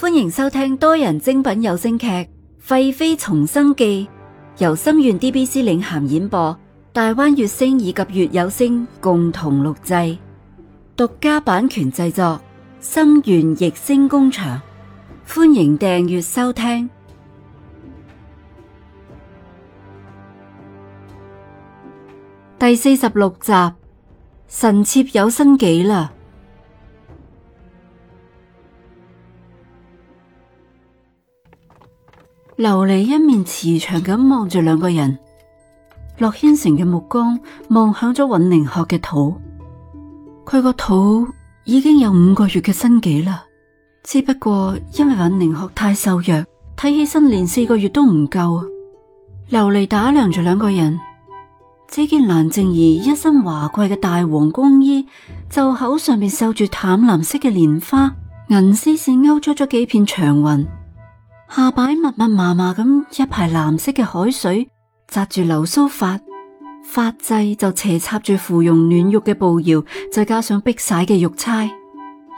歡迎收聽多人精品有聲劇《廢妃重生記》，由心願 DBC 領銜演播，大灣月星以及月有聲共同錄製，獨家版權製作，心願逸星工廠。歡迎訂閱收聽第四十六集《臣妾有身孕》啦！琉璃一面慈祥咁望住兩個人，洛軒成嘅目光望向咗尹寧學嘅肚，佢個肚已經有五個月嘅身己啦，只不過因為尹寧學太瘦弱，睇起身連四個月都唔夠。琉璃打量住兩個人，只見蘭靜兒一身華貴嘅大黃宮衣，袖口上面繡住淡藍色嘅蓮花，銀絲線勾出咗幾片祥雲。下擺密密麻麻咁一排藍色嘅海水，紮住流蘇髮髮髻，髮就斜插住芙蓉暖玉嘅步搖，再加上碧璽嘅玉釵，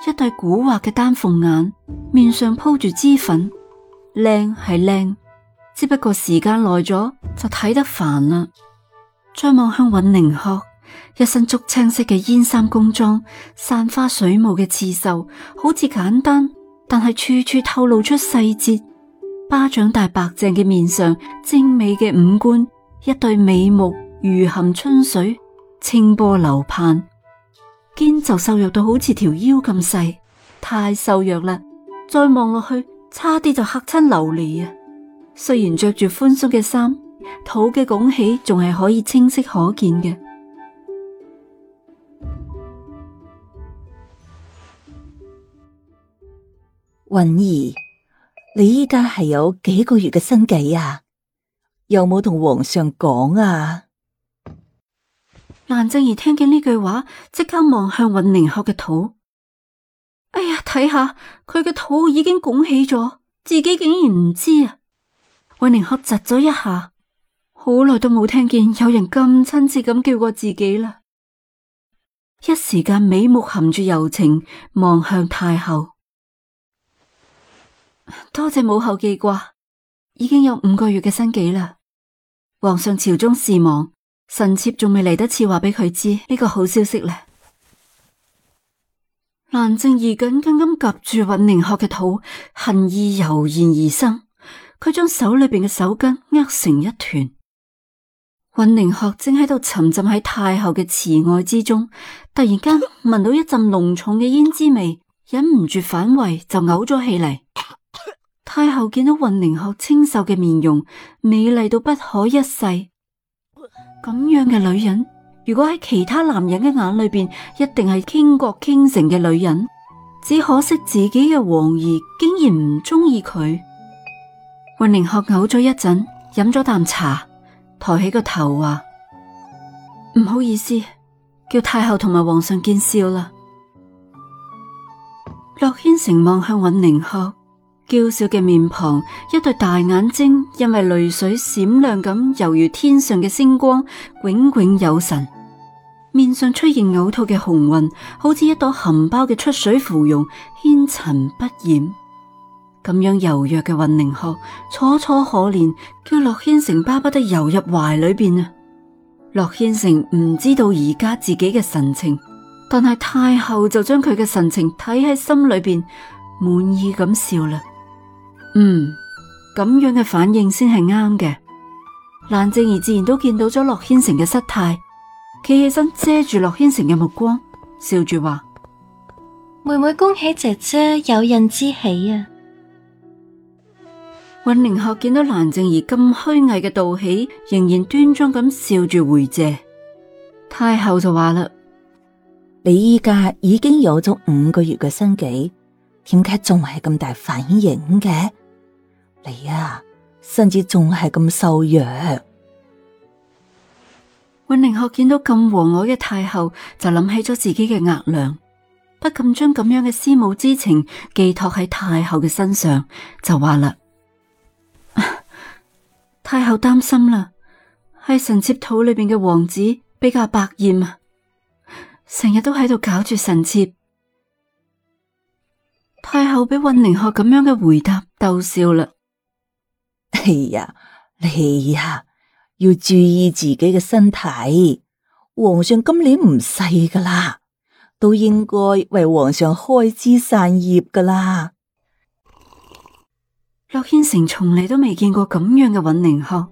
一對古惑嘅丹鳳眼，面上鋪住脂粉，靚係靚，只不過時間耐咗就睇得煩啦。再望向韻寧鶴，一身竹青色嘅煙衫工裝，散花水霧嘅刺繡，好似簡單，但係處處透露出細節。巴掌大白淨嘅面上，精美嘅五官，一對美目如含春水，清波流盼。肩就瘦弱到好似條腰咁細，太瘦弱啦！再望落去，差啲就嚇親琉璃啊！雖然着住寬鬆嘅衫，肚嘅拱起仲係可以清晰可見嘅。雲兒。你依家係有幾個月嘅身計啊？有冇同皇上講啊？蘭靜兒聽見呢句話，即刻望向允寧鶴嘅肚。哎呀，睇下佢嘅肚已經拱起咗，自己竟然唔知啊！允寧鶴窒咗一下，好耐都冇聽見有人咁親切咁叫過自己啦，一時間美目含住柔情望向太后。多謝母后記掛，已經有五個月嘅身孕啦。皇上朝中事忙，臣妾仲未嚟得切話俾佢知呢個好消息呢。蘭靜儀緊緊咁夾住尹寧學嘅肚，恨意油然而生。佢將手裏邊嘅手巾握成一團。尹寧學正喺度沉浸喺太后嘅慈愛之中，突然間聞到一陣濃重嘅胭脂味，忍唔住反胃，就嘔咗起嚟。 太后見到尹寧鶴清秀嘅面容，美麗到不可一世。咁樣嘅女人，如果喺其他男人嘅眼裏邊，一定係傾國傾城嘅女人。只可惜自己嘅皇兒竟然唔中意佢。尹寧鶴嘔咗一陣，飲咗啖茶，抬起個頭話：唔好意思，叫太后同埋皇上見笑了。洛軒成望向尹寧鶴。嬌小嘅面龐，一對大眼睛，因為淚水閃亮咁，猶如天上嘅星光，炯炯有神。面上出現嘔吐嘅紅暈，好似一朵含苞嘅出水芙蓉，纖塵不染。咁樣柔弱嘅允寧后，楚楚可憐，叫樂軒成巴不得游入懷裏邊啊！樂軒成唔知道而家自己嘅神情，但係太后就將佢嘅神情睇喺心裏邊，滿意咁笑啦。嗯，咁樣嘅反應先係啱嘅。蘭靜兒自然都見到咗洛軒城嘅失態，企起身遮住洛軒城嘅目光，笑住話：妹妹恭喜姐姐有孕之喜啊！尹寧學見到蘭靜兒咁虛偽嘅道喜，仍然端莊咁笑住回謝。太后就話啦：你依家已經有咗五個月嘅身紀，點解仲係咁大反應嘅？嚟啊！身子仲係咁瘦弱。尹寧學見到咁和藹嘅太后，就諗起咗自己嘅額娘，不禁將咁樣嘅思母之情寄託喺太后嘅身上，就話啦、啊：太后擔心啦，係臣妾肚裏邊嘅王子比較百厭啊，成日都喺度搞住臣妾。太后俾尹寧學咁樣嘅回答逗笑啦。係呀，你呀、啊啊、要注意自己嘅身體。皇上今年唔細噶啦，都應該為皇上開枝散葉噶啦。洛軒成從嚟，都未見過咁樣嘅尹寧漢，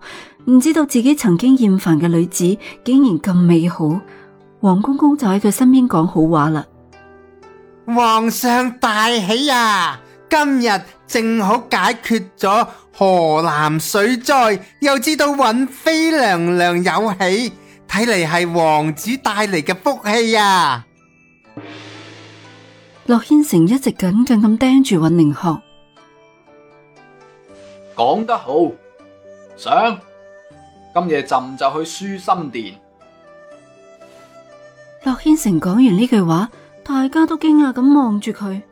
唔知道自己曾經厭煩嘅女子，竟然咁美好。黃公公就喺佢身邊講好話啦。皇上大喜啊！今日正好解決咗河南水災，又知道尹妃娘娘有喜，睇嚟係王子帶嚟嘅福氣啊！駱軒成一直緊緊咁盯住尹寧學，講得好，想今夜朕就去舒心殿。駱軒成講完呢句話，大家都驚訝咁望住佢。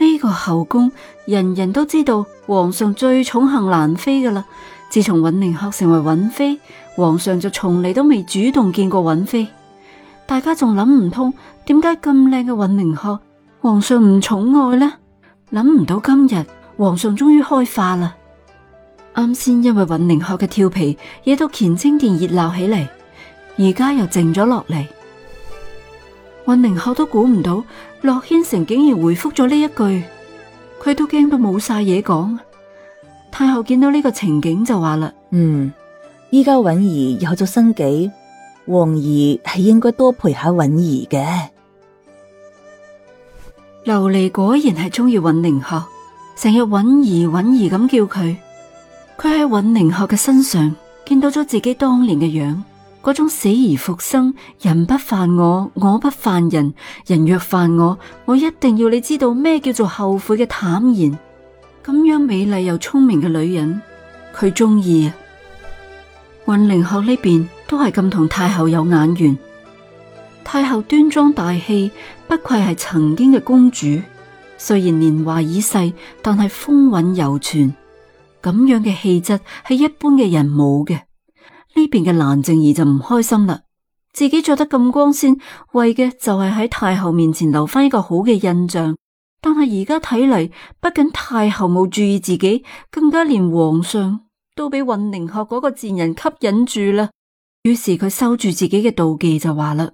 呢個後宮人人都知道，皇上最寵幸蘭妃㗎喇。自從尹寧鶴成為尹妃，皇上就從嚟都未主動見過尹妃。大家仲諗唔通，點解咁靚嘅尹寧鶴，皇上唔寵愛呢？諗唔到今日皇上終於開化啦！啱先因為尹寧鶴嘅調皮，惹到乾清殿熱鬧起嚟，而家又靜咗落嚟。尹寧學都估唔到，洛軒成竟然回覆咗呢一句，佢都驚到冇晒嘢講。太后見到呢個情景就話啦：嗯，依家尹兒有咗身孕，王兒係應該多陪下尹兒嘅。琉璃果然係中意尹寧學，成日尹兒尹兒咁叫佢，佢喺尹寧學嘅身上見到咗自己當年嘅樣。嗰種死而復生，人不犯我，我不犯人，人若犯我，我一定要你知道咩叫做後悔嘅坦然。咁樣美麗又聰明嘅女人，佢中意啊！雲靈鶴呢邊都係咁同太后有眼緣。太后端莊大氣，不愧係曾經嘅公主。雖然年華已逝，但係風韻猶存。咁樣嘅氣質係一般嘅人冇嘅。呢邊嘅蘭靜儀就唔開心啦，自己着得咁光鮮，為嘅就係喺太后面前留返一個好嘅印象。但係而家睇嚟，不僅太后冇注意自己，更加連皇上都俾雲凌鶴嗰個賤人吸引住啦。於是佢收住自己嘅妒忌就，就話啦，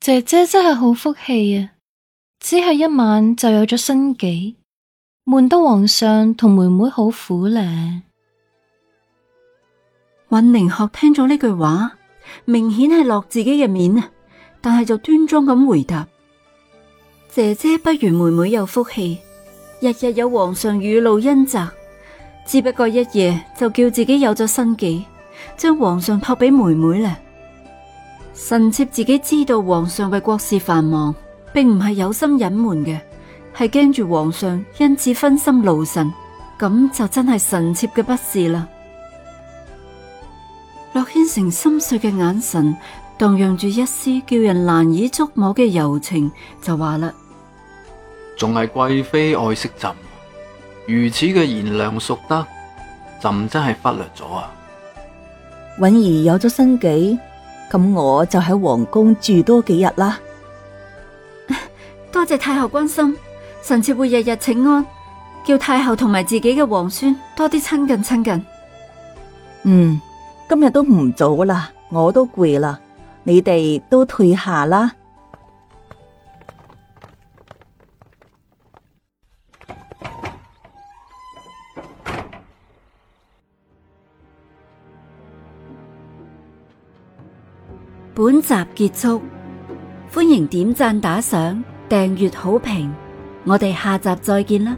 姐姐真係好福氣啊，只係一晚就有咗身己，悶得皇上同妹妹好苦咧。尹寧學聽咗呢句話，明顯係落自己嘅面，但係就端莊咁回答：姐姐不如妹妹有福氣，日日有皇上雨露恩澤，只不過一夜就叫自己有咗身孕，將皇上託俾妹妹咧。臣妾自己知道皇上為國事繁忙，並唔係有心隱瞞嘅，係驚住皇上因此分心勞神，咁就真係臣妾嘅不是啦。駱千成深邃嘅眼神蕩漾住一絲叫人難以捉摸嘅柔情，就話啦：仲係貴妃愛惜朕，如此嘅賢良淑德，朕真係忽略咗啊！允兒有咗身己，咁我就喺皇宮住多幾日啦。 多謝太后關心，臣妾會日日請安，叫太后同埋自己嘅皇孫多啲親近親近。嗯。今日都唔早啦，我都攰啦，你哋都退下啦。本集結束，歡迎點讚、打賞、訂閱、好評，我哋下集再見啦。